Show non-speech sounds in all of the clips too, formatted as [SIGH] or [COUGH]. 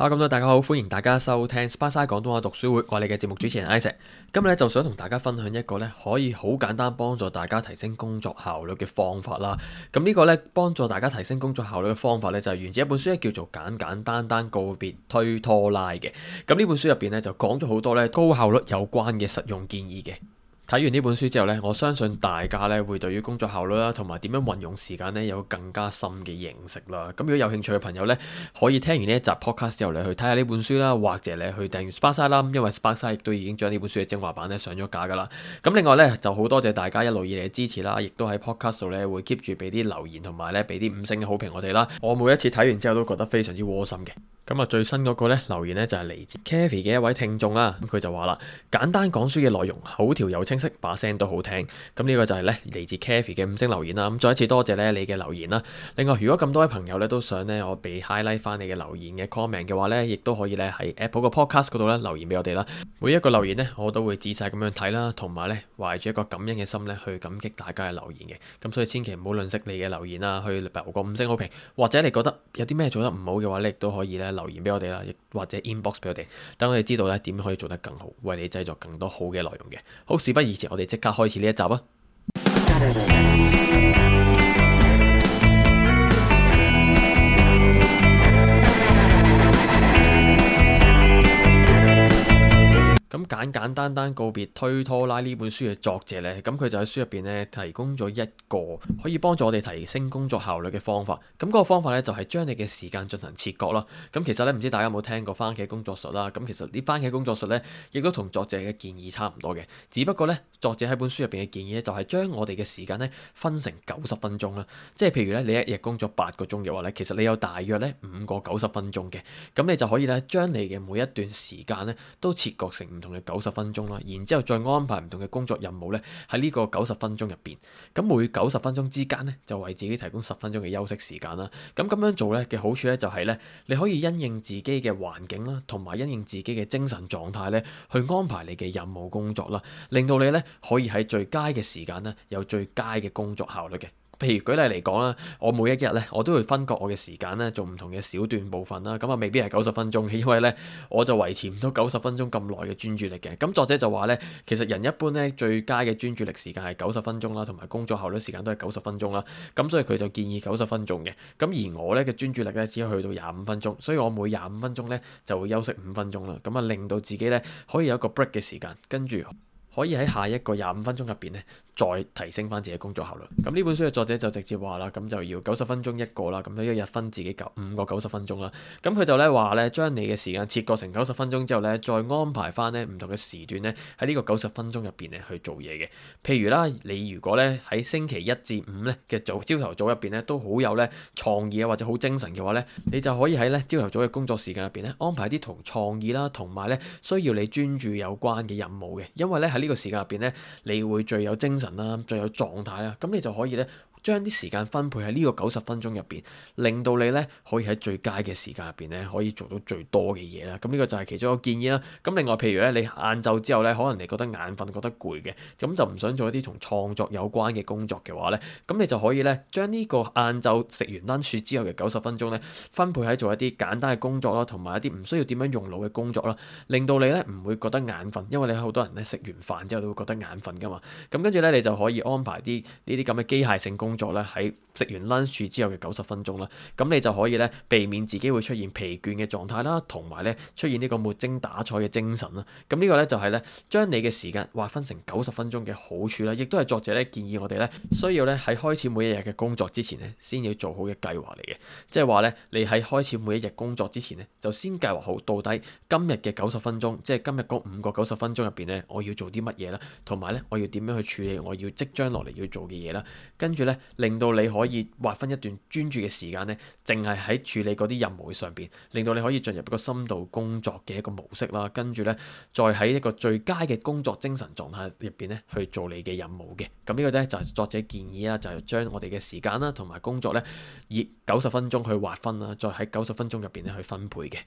好，咁大家好，歡迎大家收聽《Spasai 廣東話讀書會》，我哋嘅節目主持人 Isaac，今日咧就想同大家分享一個咧可以好簡單幫助大家提升工作效率嘅方法啦。咁呢個咧幫助大家提升工作效率嘅方法咧就係源自一本書咧叫做《簡簡單單告別推拖拉》嘅。咁呢本書入邊咧就講咗好多咧高效率有關嘅實用建議嘅。睇完呢本書之後呢，我相信大家咧會對於工作效率啦，同埋點樣運用時間呢，有更加深嘅認識啦。咁如果有興趣嘅朋友呢，可以聽完呢一集 podcast 之後，你去睇下呢本書啦，或者你去訂閱 Sparkle 啦，因為 Sparkle 亦都已經將呢本書嘅精華版咧上咗架噶啦。咁另外呢，就好多謝大家一路以嚟嘅支持啦，亦都喺 podcast 度呢會 keep 住俾啲留言同埋咧俾啲五星嘅好評我哋啦。我每一次睇完之後都覺得非常之窩心嘅。咁啊最新嗰個咧留言咧就係嚟自 Kaffy 嘅一位聽眾啦，咁佢就話啦，簡單講書嘅內容好條又清晰，把聲都好聽，咁呢個就係咧嚟自 Kaffy 嘅五星留言啦。咁再一次多謝咧你嘅留言啦。另外如果咁多位朋友咧都想咧我被 highlight 翻你嘅留言嘅 comment 嘅話咧，亦都可以咧喺 Apple 嗰個 podcast 度咧留言俾我哋啦。每一個留言咧我都會仔細咁樣睇啦，同埋咧懷住一個感恩嘅心咧去感激大家嘅留言嘅。咁所以千祈唔好吝嗇你嘅留言啊，去留個五星好評，或者你覺得有啲咩做得唔好嘅話咧，亦都可以咧。留言俾我哋啦，亦或者 inbox 俾我哋，等我哋知道呢點可以做得更好，為你製作更多好嘅內容嘅。好，事不宜遲，我哋即刻開始呢一集啊！ [MUSIC] 簡單單告別推拖拉呢本書嘅作者呢，咁佢就喺書入邊呢提供咗一個可以幫助我哋提升工作效率嘅方法。咁、這、嗰個方法呢，就係將你嘅時間進行切割啦。咁其實呢，唔知大家有冇聽過番茄工作術啦？咁其實呢番茄工作術呢，亦都同作者嘅建議差唔多嘅。只不過呢，作者喺本書入邊嘅建議呢，就係將我哋嘅時間呢分成九十分鐘啦。即係譬如呢，你一日工作八個鐘嘅話呢，其實你有大約呢五個九十分鐘嘅。咁你就可以呢，將你嘅每一段時間呢，都切割成唔同嘅九。九十分鐘啦，然之後再安排唔同嘅工作任務咧，喺呢個九十分鐘入邊，咁每九十分鐘之間咧，就為自己提供十分鐘嘅休息時間啦。咁咁樣做咧嘅好處咧，就係咧，你可以因應自己嘅環境啦，同埋因應自己嘅精神狀態咧，去安排你嘅任務工作啦，令到你咧可以喺最佳嘅時間咧，有最佳嘅工作效率嘅。譬如舉例嚟講啦，我每一日咧，我都會分割我嘅時間咧，做唔同嘅小段部分啦。咁啊，未必係九十分鐘嘅，因為咧，我就維持唔到九十分鐘咁耐嘅專注力嘅。咁作者就話咧，其實人一般咧，最佳嘅專注力時間係九十分鐘啦，同埋工作效率時間都係九十分鐘啦。咁所以佢就建議九十分鐘嘅。咁而我咧嘅專注力咧，只係去到廿五分鐘，所以我每廿五分鐘咧就會休息五分鐘啦。咁啊，令到自己咧可以有一個 break 嘅時間，跟住。可以喺下一個廿五分鐘入邊咧，再提升翻自己工作效率。咁呢本書嘅作者就直接話啦，咁就要九十分鐘一個啦，咁咧一日分自己九五個九十分鐘啦。咁佢就咧話咧，將你嘅時間切割成九十分鐘之後咧，再安排翻咧唔同嘅時段咧，喺呢個九十分鐘入邊咧去做嘢嘅。譬如啦，你如果咧喺星期一至五咧嘅早朝頭早入邊咧，都好有咧創意啊，或者好精神嘅話咧，你就可以喺咧朝頭早嘅工作時間入邊咧，安排啲同創意啦，同埋咧需要你專注有關嘅任務嘅，因為咧喺呢個時間入邊咧，你會最有精神啦，最有狀態啦，咁你就可以咧。將啲時間分配喺呢個九十分鐘入邊，令到你咧可以喺最佳嘅時間入邊咧可以做到最多嘅嘢啦。咁呢個就係其中一個建議啦。咁另外，譬如咧你晏晝之後咧，可能你覺得眼瞓、覺得攰嘅，咁就唔想做一啲同創作有關嘅工作嘅話咧，咁你就可以咧將呢個晏晝食完 lunch 之後嘅九十分鐘咧分配喺做一啲簡單嘅工作咯，同埋一啲唔需要點樣用腦嘅工作啦，令到你咧唔會覺得眼瞓，因為你好多人咧食完飯之後都會覺得眼瞓噶嘛。咁跟住咧，你就可以安排啲呢啲咁嘅機械性工，工作咧喺食完 lunch 之後嘅九十分鐘啦，咁你就可以咧避免自己會出現疲倦嘅狀態啦，同埋咧出現呢個冇精打采嘅精神啦。咁呢個咧就係咧將你嘅時間劃分成九十分鐘嘅好處啦，亦都係作者咧建議我哋咧需要咧喺開始每一日嘅工作之前咧，先要做好嘅計劃嚟嘅。即係話咧，你喺開始每一日工作之前咧，就先計劃好到底今日嘅九十分鐘，即係今日嗰五個九十分鐘入邊咧，我要做啲乜嘢啦，同埋咧我要點樣去處理我要即將落嚟要做嘅嘢啦，跟住咧。令到你可以劃分一段專注嘅時間咧，淨係喺處理嗰啲任務上邊，令到你可以進入一個深度工作嘅一個模式啦。跟住咧，再喺一個最佳嘅工作精神狀態入邊咧去做你嘅任務嘅。咁呢個咧就係作者建議啊，就係將我哋嘅時間啦同埋工作咧以九十分鐘去劃分啦，再喺九十分鐘入邊咧去分配嘅。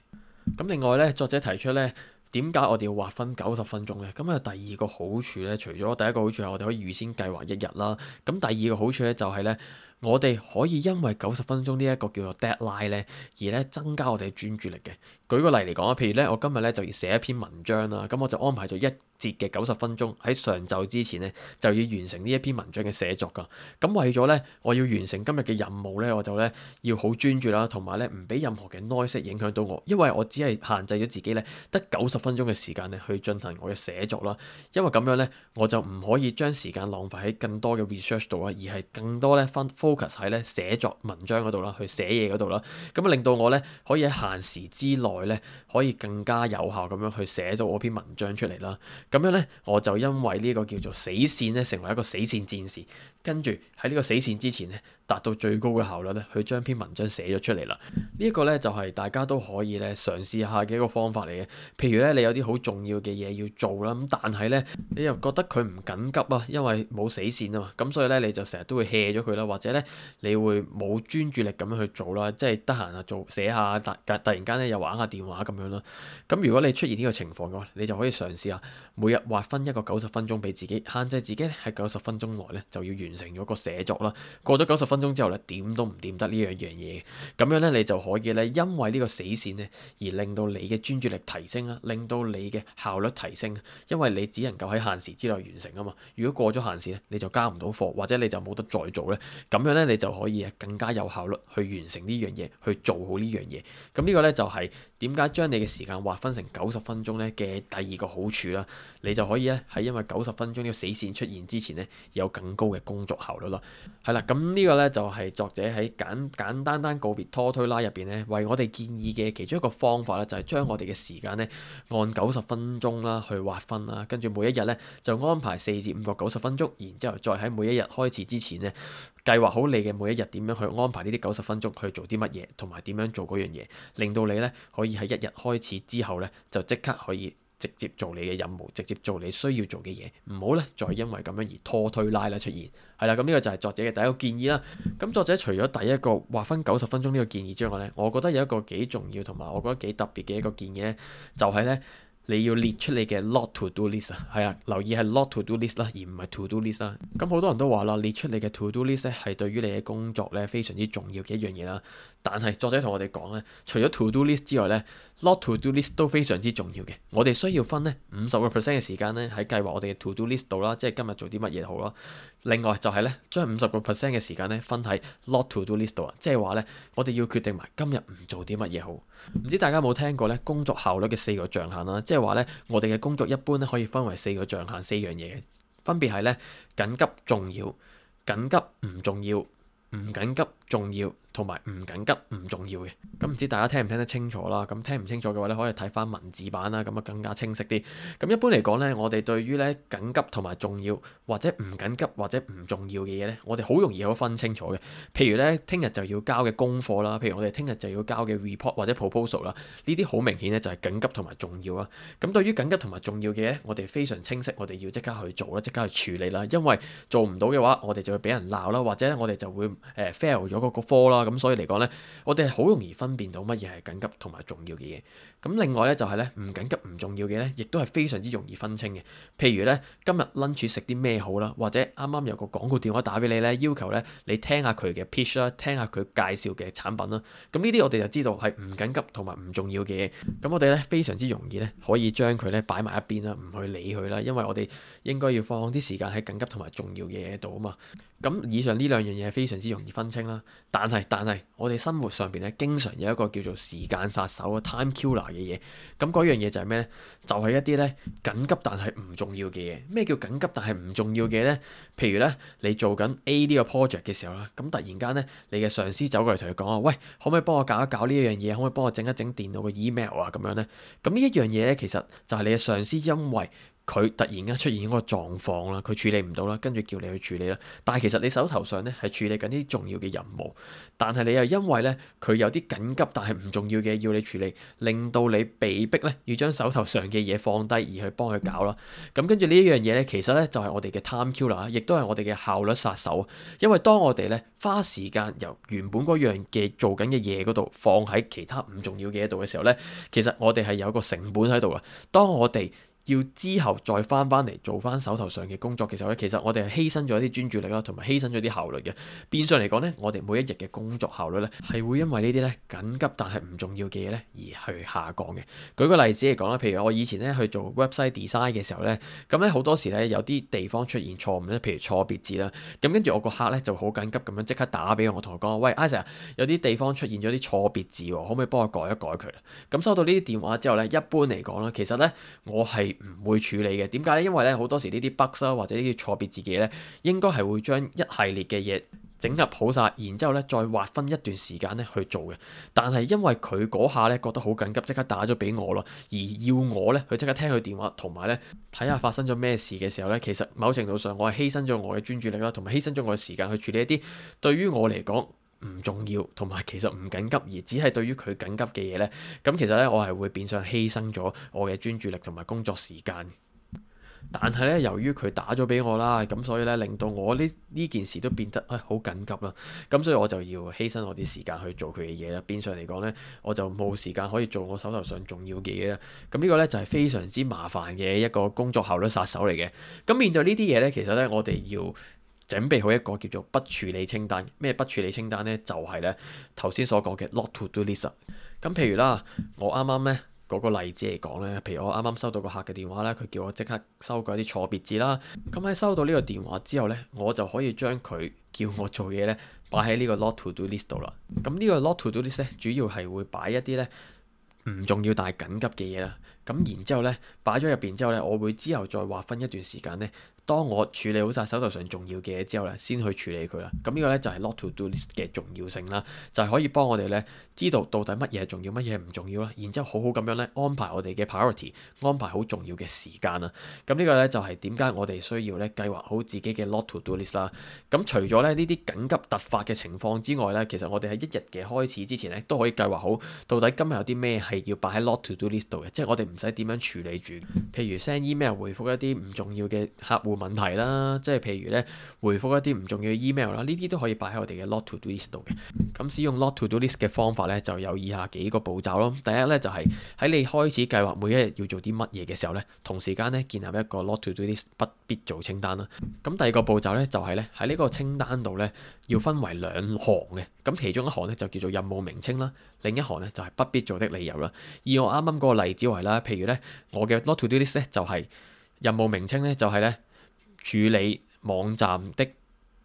咁另外咧，作者提出咧。點解我哋要劃分九十分鐘呢？咁啊，第二個好處呢，除咗第一個好處係我哋可以預先計劃一日啦，咁第二個好處呢，就係呢。我哋可以因為九十分鐘呢一個叫做 deadline 咧，而咧增加我哋嘅專注力嘅。舉個例嚟講啊，譬如咧，我今日咧就要寫一篇文章啦，咁我就安排咗一節嘅九十分鐘喺上晝之前咧就要完成呢一篇文章嘅寫作㗎。咁為咗咧我要完成今日嘅任務咧，我就咧要好專注啦，同埋咧唔俾任何嘅 noise 影響到我，因為我只係限制咗自己咧得九十分鐘嘅時間咧去進行我嘅寫作啦。因為咁樣咧我就唔可以將時間浪費喺更多嘅 research 度啦，而係更多咧分 focus 喺咧寫作文章嗰度啦，去寫嘢嗰度啦，咁啊令到我咧可以喺限時之內咧可以更加有效咁樣去寫咗我篇文章出嚟啦。咁樣咧我就因為呢個叫做死線咧，成為一個死線戰士，跟住喺呢個死線之前咧。達到最高嘅效率咧，去將篇文章寫咗出嚟啦。這個、呢一個咧就係、是、大家都可以咧嘗試下嘅一個方法嚟嘅。譬如咧，你有啲好重要嘅嘢要做啦，咁但係咧你又覺得佢唔緊急啊，因為冇死線啊嘛。咁所以咧你就成日都會 hea 咗佢啦，或者咧你會冇專注力咁樣去做啦，即係得閒啊做寫下，突突然間咧又玩下電話咁樣咯。咁如果你出現呢個情況嘅話，你就可以嘗試下每日劃分一個九十分鐘俾自己，限制自己喺九十分鐘內咧就要完成咗個寫作啦。過咗九十分。分鐘之後咧，點都唔點得呢樣樣嘢。咁樣咧，你就可以咧，因為呢個死線咧，而令到你嘅專注力提升啦，令到你嘅效率提升。因為你只能夠喺限時之內完成啊嘛，如果過咗限時咧，你就交唔到貨，或者你就冇得再做咧，咁樣咧，你就可以更加有效率去完成呢樣嘢，去做好呢樣嘢。咁呢個咧就係點解將你嘅時間劃分成九十分鐘咧嘅第二個好處啦，你就可以咧喺因為九十分鐘呢個死線出現之前咧，有更高嘅工作效率咯。係啦，咁呢個咧。就係作者喺簡簡單單告別拖推拉入邊咧，為我哋建議嘅其中一個方法咧，就係將我哋嘅時間咧按九十分鐘啦去劃分啦，跟住每一日咧就安排四至五個九十分鐘，然之後再喺每一日開始之前咧，計劃好你嘅每一日點樣去安排呢啲九十分鐘去做啲乜嘢，同埋點樣做嗰樣嘢，令到你咧可以喺一日開始之後咧就即刻可以。直接做你嘅任務，直接做你需要做嘅嘢，唔好咧再因為咁樣而拖推拉啦出現。係啦，咁呢個就係作者嘅第一個建議啦。咁作者除咗第一個劃分九十分鐘呢個建議之外呢，我覺得有一個幾重要同埋我覺得幾特別嘅一個建議呢，就係呢。你要列出你嘅 not to do list 啊，係啊，留意係 not to do list 啦，而唔係 to do list 啦，嗯。咁好多人都話啦，列出你嘅 to do list 咧係對於你嘅工作咧非常之重要嘅一樣嘢啦。但係作者同我哋講咧，除咗 to do list 之外咧，not to do list 都非常之重要嘅。我哋需要分呢五十個 percent 嘅時間咧喺計劃我哋嘅 to do list 度啦，即係今日做啲乜嘢好咯。另外就係咧將五十個 percent 嘅時間咧分喺 not to do list 度啊，即係話咧我哋要決定埋今日唔做啲乜嘢好。唔知大家有冇聽過咧工作效率嘅四個象限啦？即係即係話咧，我哋嘅工作一般咧可以分為四個象限，四樣嘢，分別係咧緊急重要、緊急唔重要、唔緊急重要。同埋唔緊急唔重要嘅，咁唔知大家聽唔聽得清楚啦？咁聽唔清楚嘅話咧，可以睇翻文字版啦，咁啊更加清晰啲。咁一般嚟講咧，我哋對於咧緊急同埋重要或者唔緊急或者唔重要嘅嘢咧，我哋好容易可以分清楚嘅。譬如咧，聽日就要交嘅功課啦，譬如我哋聽日就要交嘅 report 或者 proposal 啦，呢啲好明顯咧就係緊急同埋重要啦。咁對於緊急同埋重要嘅嘢咧，我哋非常清晰，我哋要即刻去做啦，即刻去處理啦，因為做唔到嘅話，我哋就會俾人鬧啦，或者咧我哋就會誒 fail 咗嗰個科啦。咁所以嚟講呢，我哋係好容易分辨到乜嘢係緊急同埋重要嘅嘢。咁另外呢、就是，就係呢唔緊急唔重要嘅呢，亦都係非常之容易分清嘅。譬如呢，今日 lunch 食啲咩好啦，或者啱啱有個廣告電話打俾你呢，要求呢你聽下佢嘅 pitch 啦，聽下佢介紹嘅產品啦。咁呢啲我哋就知道係唔緊急同埋唔重要嘅嘢。咁我哋呢，非常之容易呢，可以將佢呢擺埋一邊啦，唔去理佢啦，因為我哋應該要放啲時間喺緊急同埋重要嘅嘢度啊嘛。咁以上呢兩樣嘢係非常之容易分清啦，但係。但係我哋生活上邊咧，經常有一個叫做時間殺手啊，time killer 嘅嘢。咁嗰樣嘢就係咩呢？就係一啲咧緊急但係唔重要嘅嘢。咩叫緊急但係唔重要嘅嘢呢？譬如呢，你做緊 A 呢個 project 嘅時候啦，咁突然間呢，你嘅上司走過嚟同你講啊，喂，可唔可以幫我搞一搞呢一樣嘢？可唔可以幫我整一整電腦嘅 email 啊？咁樣呢，咁呢一樣嘢呢，其實就係你嘅上司因為，佢突然間出現嗰個狀況啦，佢處理唔到啦，跟住叫你去處理啦。但係其實你手頭上咧係處理緊啲重要嘅任務，但係你又因為咧佢有啲緊急但係唔重要嘅要你處理，令到你被逼咧要將手頭上嘅嘢放低而去幫佢搞啦。咁跟住呢一樣嘢咧，其實咧就係、是、我哋嘅 time killer 啦，亦都係我哋嘅效率殺手。因為當我哋咧花時間由原本嗰樣嘅做緊嘅嘢嗰度放喺其他唔重要嘅嘢度嘅時候咧，其實我哋係有個成本喺度嘅。當我哋要之後再翻翻嚟做翻手頭上嘅工作嘅時候咧，其實咧，其實我哋係犧牲咗一啲專注力咯，同埋犧牲咗啲效率嘅。變相嚟講咧，我哋每一日嘅工作效率咧，係會因為呢啲咧緊急但係唔重要嘅嘢咧，而去下降嘅。舉個例子嚟講啦，譬如我以前咧去做 website design 嘅時候咧，咁咧好多時咧有啲地方出現錯誤咧，譬如錯別字啦，咁跟住我個客咧就好緊急咁樣即刻打俾我，同我講，喂，阿 Sir，有啲地方出現咗啲錯別字喎，可唔可以幫我改一改佢？咁收到呢啲電話之後咧，一般嚟講啦，其實咧我係。唔會處理嘅，點解呢？因為呢，好多時呢啲 bug 啊，或者呢啲錯別字嘅嘢呢，應該係會將一系列嘅嘢整合好晒，然之後呢再劃分一段時間呢去做嘅。但係因為佢嗰下呢，覺得好緊急，即刻打咗俾我咯，而要我呢，去即刻聽佢電話，同埋呢，睇下發生咗咩事嘅時候呢，其實某程度上我係犧牲咗我嘅專注力啦，同埋犧牲咗我嘅時間去處理一啲對於我嚟講。唔重要，同埋其實唔緊急，而只係對於佢緊急嘅嘢呢。咁其實呢，我係會變相犧牲咗我嘅專注力同埋工作時間。但係呢，由於佢打咗俾我啦，咁所以呢，令到我呢呢件事都變得好緊急啦。咁所以我就要犧牲我啲時間去做佢嘅嘢啦。變相嚟講呢，我就冇時間可以做我手頭上重要嘅嘢啦。咁呢個呢，就係非常之麻煩嘅一個工作效率殺手嚟嘅。咁面對呢啲嘢呢，其實呢，我哋要準備好一個叫做不處理清單，咩不處理清單呢？就係呢頭先所講嘅 Not to do list。咁譬如啦，我啱啱呢嗰個例子嚟講呢，譬如我啱啱收到個客嘅電話呢，佢叫我即刻修改啲錯別字啦。咁喺收到呢個電話之後呢，我就可以將佢叫我做嘢呢，擺喺呢個 Not to do list 度啦。咁呢個 Not to do list 呢，主要係會擺一啲呢唔重要但係緊急嘅嘢啦。咁然之後呢，擺咗入邊之後呢，我會之後再劃分一段時間呢。當我處理好晒手頭上重要嘅嘢之後咧，先去處理佢啦。咁呢個咧就係 not to do list 嘅重要性啦，就係可以幫我哋咧知道到底乜嘢重要，乜嘢唔重要啦。然之後好好咁樣咧安排我哋嘅 priority，安排好重要嘅時間啦。咁呢個咧就係點解我哋需要咧計劃好自己嘅 not to do list 啦。咁除咗咧呢啲緊急突發嘅情況之外咧，其實我哋喺一日嘅開始之前咧都可以計劃好到底今日有啲咩係要擺喺 not to do list 度嘅，即係我哋唔使點樣處理住。譬如 send email 回覆一啲唔重要嘅客戶。問題啦，即係譬如咧回覆一啲唔重要嘅 email 啦，呢啲都可以擺喺我哋嘅 not to do list 度嘅。咁、嗯、使用 not to do list 嘅方法咧就有以下幾個步驟咯。第一咧就係、是、喺你開始計劃每一日要做啲乜嘢嘅時候咧，同時間咧建立一個 not to do list 不必做清單啦。咁、嗯、第二個步驟咧就係咧喺呢個清單度咧要分為兩行嘅。咁、嗯、其中一行咧就叫做任務名稱啦，另一行咧就係、是、不必做的理由啦。以我啱啱嗰個例子為啦，譬如咧我嘅 not to do list 咧就係、是、任務名稱咧就係、是、咧。處理網站的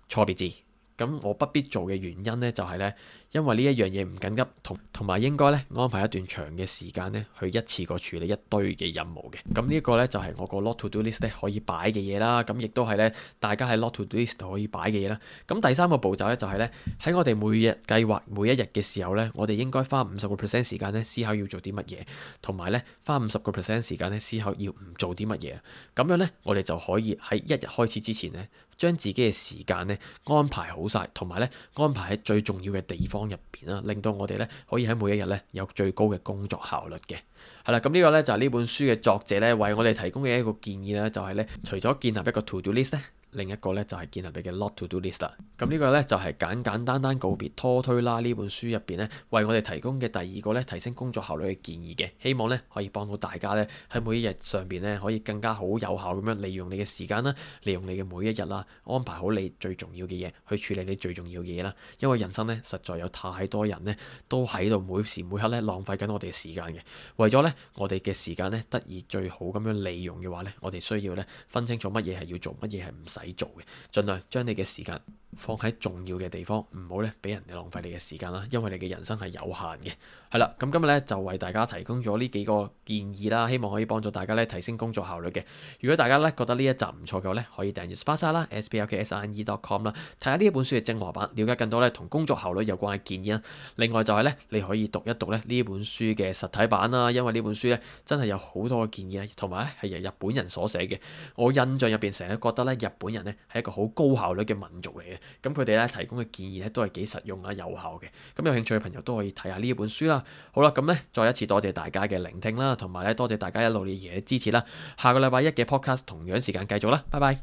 錯別字。咁我不必做嘅原因咧，就係咧，因為呢一樣嘢唔緊急，同同埋應該咧安排一段長嘅時間咧，去一次過處理一堆嘅任務嘅。咁呢一個咧就係我個 not to do list 可以擺嘅嘢啦。咁亦都係咧，大家喺 not to do list 可以擺嘅嘢啦。咁第三個步驟咧就係咧，喺我哋每日計劃每一日嘅時候咧，我哋應該花五十個 percent 時間咧思考要做啲乜嘢，同埋咧花五十個 percent 時間咧思考要唔做啲乜嘢。咁樣咧，我哋就可以喺一日開始之前咧。將自己嘅時間咧安排好晒，同埋咧安排喺最重要嘅地方入邊啦，令到我哋咧可以喺每一日咧有最高嘅工作效率嘅。係啦，咁呢個咧就係呢本書嘅作者咧為我哋提供嘅一個建議啦，就係咧除咗建立一個 to do list 咧。另一個咧就係建立你嘅 Not To Do List 啦。咁呢個咧就係簡簡單單告別拖推啦，呢本書入邊咧，為我哋提供嘅第二個咧提升工作效率嘅建議嘅。希望咧可以幫到大家咧喺每一日上邊咧可以更加好有效咁樣利用你嘅時間啦，利用你嘅每一日啦，安排好你最重要嘅嘢去處理你最重要嘅嘢啦。因為人生咧實在有太多人咧都喺度每時每刻咧浪費緊我哋嘅時間嘅。為咗咧我哋嘅時間咧得以最好咁樣利用嘅話咧，我哋需要咧分清楚乜嘢係要做，乜嘢係唔使。使做嘅，盡量將你嘅時間，放喺重要嘅地方，唔好咧俾人哋浪費你嘅時間啦，因為你嘅人生係有限嘅。係啦，咁今日咧就為大家提供咗呢幾個建議啦，希望可以幫助大家咧提升工作效率嘅。如果大家咧覺得呢一集唔錯嘅話咧，可以訂閱 s p a r a 啦，s p l k s r e dot com 啦，睇下呢一本書嘅精華版，了解更多咧同工作效率有關嘅建議啦。另外就係咧，你可以讀一讀咧呢本書嘅實體版啦，因為呢本書咧真係有好多嘅建議啊，同埋咧係由日本人所寫嘅。我印象入邊成日覺得咧日本人咧係一個好高效率嘅民族嚟嘅。咁佢哋咧提供嘅建議咧都係幾實用啊、有效嘅，咁有興趣嘅朋友都可以睇下呢一本書啦。好啦，咁咧再一次多謝大家嘅聆聽啦，同埋咧多謝大家一路嘅支持啦。下個禮拜一嘅 podcast 同樣時間繼續啦，拜拜。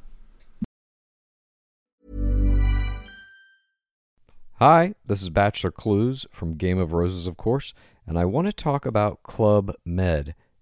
Hi，this is Bachelor Clues from Game of Roses，of course，and I want to talk about Club Med。